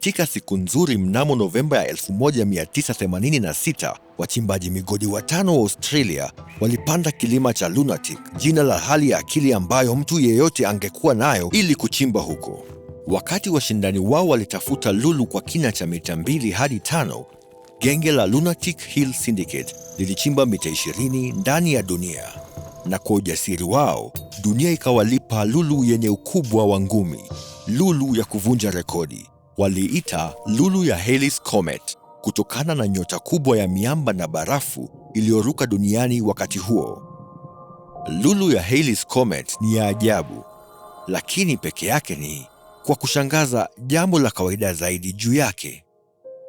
Katika siku nzuri mnamo Novemba ya 1986, wachimbaji migodi watano wa Australia walipanda kilima cha Lunatic, jina la hali ya akili ambayo mtu yeyote angekuwa nayo ili kuchimba huko. Wakati washindani wao walitafuta lulu kwa kina cha mita mbili hadi tano, genge la Lunatic Hill Syndicate lilichimba mita 20 ndani ya dunia, na kwa ujasiri wao dunia ikawalipa lulu yenye ukubwa wa ngumi, lulu ya kuvunja rekodi waliita lulu ya Halley's Comet kutokana na nyota kubwa ya miamba na barafu iliyoruka duniani wakati huo. Lulu ya Halley's Comet ni ya ajabu, lakini peke yake ni kwa kushangaza jambo la kawaida zaidi juu yake.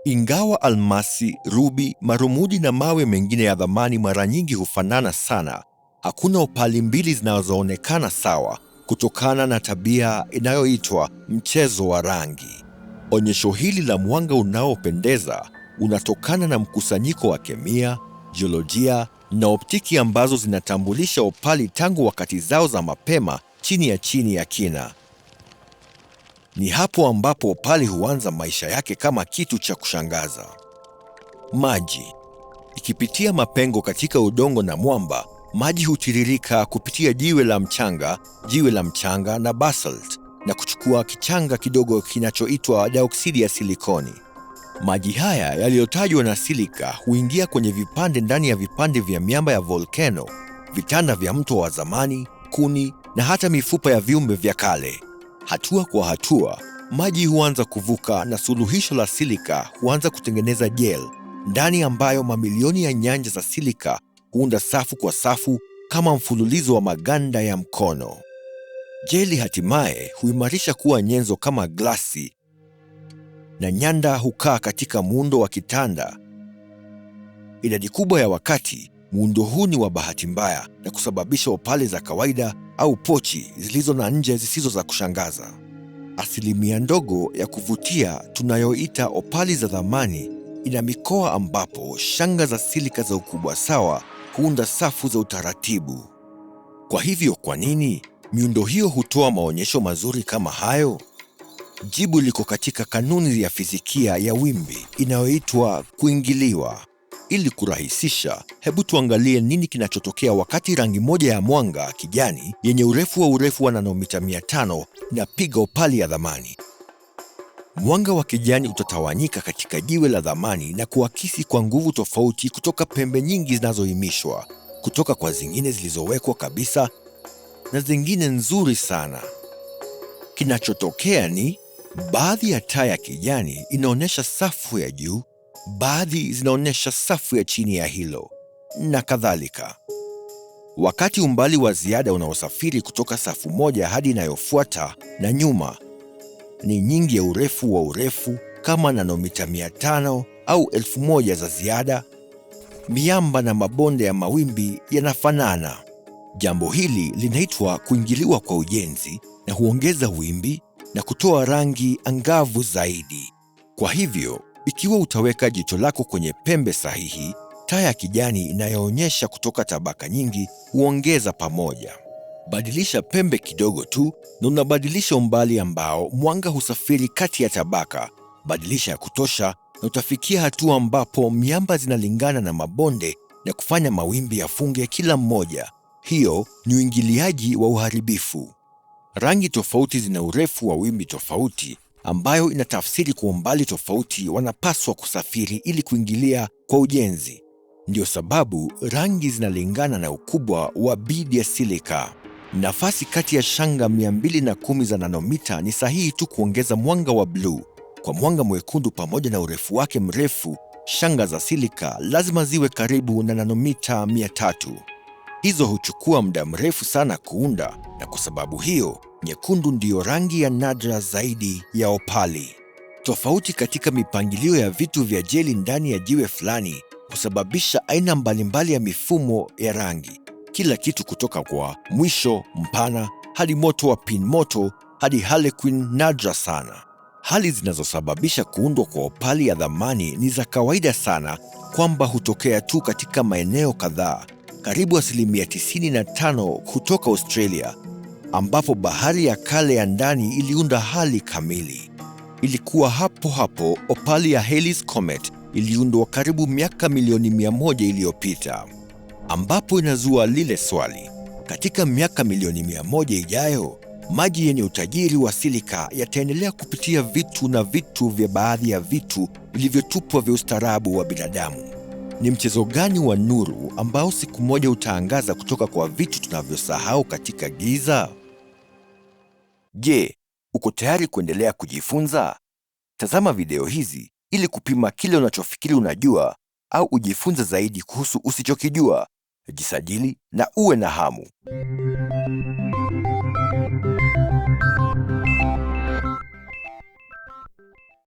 Ingawa almasi, rubi, marumudi na mawe mengine ya dhamani mara nyingi hufanana sana, hakuna opali mbili zinazoonekana sawa kutokana na tabia inayoitwa mchezo wa rangi. Onyesho hili la mwanga unaopendeza unatokana na mkusanyiko wa kemia, jiolojia na optiki ambazo zinatambulisha opali tangu wakati zao za mapema chini ya chini ya kina. Ni hapo ambapo opali huanza maisha yake kama kitu cha kushangaza. Maji ikipitia mapengo katika udongo na mwamba, maji hutiririka kupitia jiwe la mchanga, jiwe la mchanga na basalt na kuchukua kichanga kidogo kinachoitwa dioksidi ya silikoni. Maji haya yaliyotajwa na silika huingia kwenye vipande ndani ya vipande vya miamba ya volkeno, vitanda vya mto wa zamani, kuni na hata mifupa ya viumbe vya kale. Hatua kwa hatua, maji huanza kuvuka na suluhisho la silika huanza kutengeneza jel ndani, ambayo mamilioni ya nyanja za silika huunda safu kwa safu kama mfululizo wa maganda ya mkono. Jeli hatimaye huimarisha kuwa nyenzo kama glasi na nyanda hukaa katika muundo wa kitanda. Idadi kubwa ya wakati muundo huu ni wa bahati mbaya na kusababisha opale za kawaida au pochi zilizo na nje zisizo za kushangaza. Asilimia ndogo ya kuvutia tunayoita opali za dhamani ina mikoa ambapo shanga za silika za ukubwa sawa huunda safu za utaratibu. Kwa hivyo, kwa nini miundo hiyo hutoa maonyesho mazuri kama hayo? Jibu liko katika kanuni ya fizikia ya wimbi inayoitwa kuingiliwa. Ili kurahisisha, hebu tuangalie nini kinachotokea wakati rangi moja ya mwanga kijani yenye urefu wa urefu wa nanomita 500 inapiga opali ya dhamani. Mwanga wa kijani utatawanyika katika jiwe la dhamani na kuakisi kwa nguvu tofauti kutoka pembe nyingi zinazoimishwa kutoka kwa zingine zilizowekwa kabisa na zingine nzuri sana. Kinachotokea ni baadhi ya taa ya kijani inaonyesha safu ya juu, baadhi zinaonyesha safu ya chini ya hilo na kadhalika. Wakati umbali wa ziada unaosafiri kutoka safu moja hadi inayofuata na nyuma ni nyingi ya urefu wa urefu kama nanomita tano au moja za ziada, miamba na mabonde ya mawimbi yanafanana. Jambo hili linaitwa kuingiliwa kwa ujenzi na huongeza wimbi na kutoa rangi angavu zaidi. Kwa hivyo, ikiwa utaweka jicho lako kwenye pembe sahihi, taa ya kijani inayoonyesha kutoka tabaka nyingi huongeza pamoja. Badilisha pembe kidogo tu na unabadilisha umbali ambao mwanga husafiri kati ya tabaka. Badilisha ya kutosha na utafikia hatua ambapo miamba zinalingana na mabonde na kufanya mawimbi yafunge kila mmoja. Hiyo ni uingiliaji wa uharibifu. Rangi tofauti zina urefu wa wimbi tofauti, ambayo inatafsiri kwa umbali tofauti wanapaswa kusafiri ili kuingilia kwa ujenzi. Ndiyo sababu rangi zinalingana na ukubwa wa bidi ya silika. Nafasi kati ya shanga 210 za nanomita ni sahihi tu kuongeza mwanga wa bluu. Kwa mwanga mwekundu pamoja na urefu wake mrefu, shanga za silika lazima ziwe karibu na nanomita 3 Hizo huchukua muda mrefu sana kuunda, na kwa sababu hiyo nyekundu ndiyo rangi ya nadra zaidi ya opali. Tofauti katika mipangilio ya vitu vya jeli ndani ya jiwe fulani husababisha aina mbalimbali ya mifumo ya rangi, kila kitu kutoka kwa mwisho mpana hadi moto wa pin moto hadi Harlequin nadra sana. Hali zinazosababisha kuundwa kwa opali ya dhamani ni za kawaida sana kwamba hutokea tu katika maeneo kadhaa karibu asilimia 95 kutoka Australia, ambapo bahari ya kale ya ndani iliunda hali kamili. Ilikuwa hapo hapo opali ya Halley's Comet iliundwa karibu miaka milioni mia moja iliyopita, ambapo inazua lile swali: katika miaka milioni mia moja ijayo, maji yenye utajiri wa silika yataendelea kupitia vitu na vitu vya baadhi ya vitu vilivyotupwa vya ustaarabu wa binadamu. Ni mchezo gani wa nuru ambao siku moja utaangaza kutoka kwa vitu tunavyosahau katika giza? Je, uko tayari kuendelea kujifunza? Tazama video hizi ili kupima kile unachofikiri unajua au ujifunze zaidi kuhusu usichokijua. Jisajili na uwe na hamu.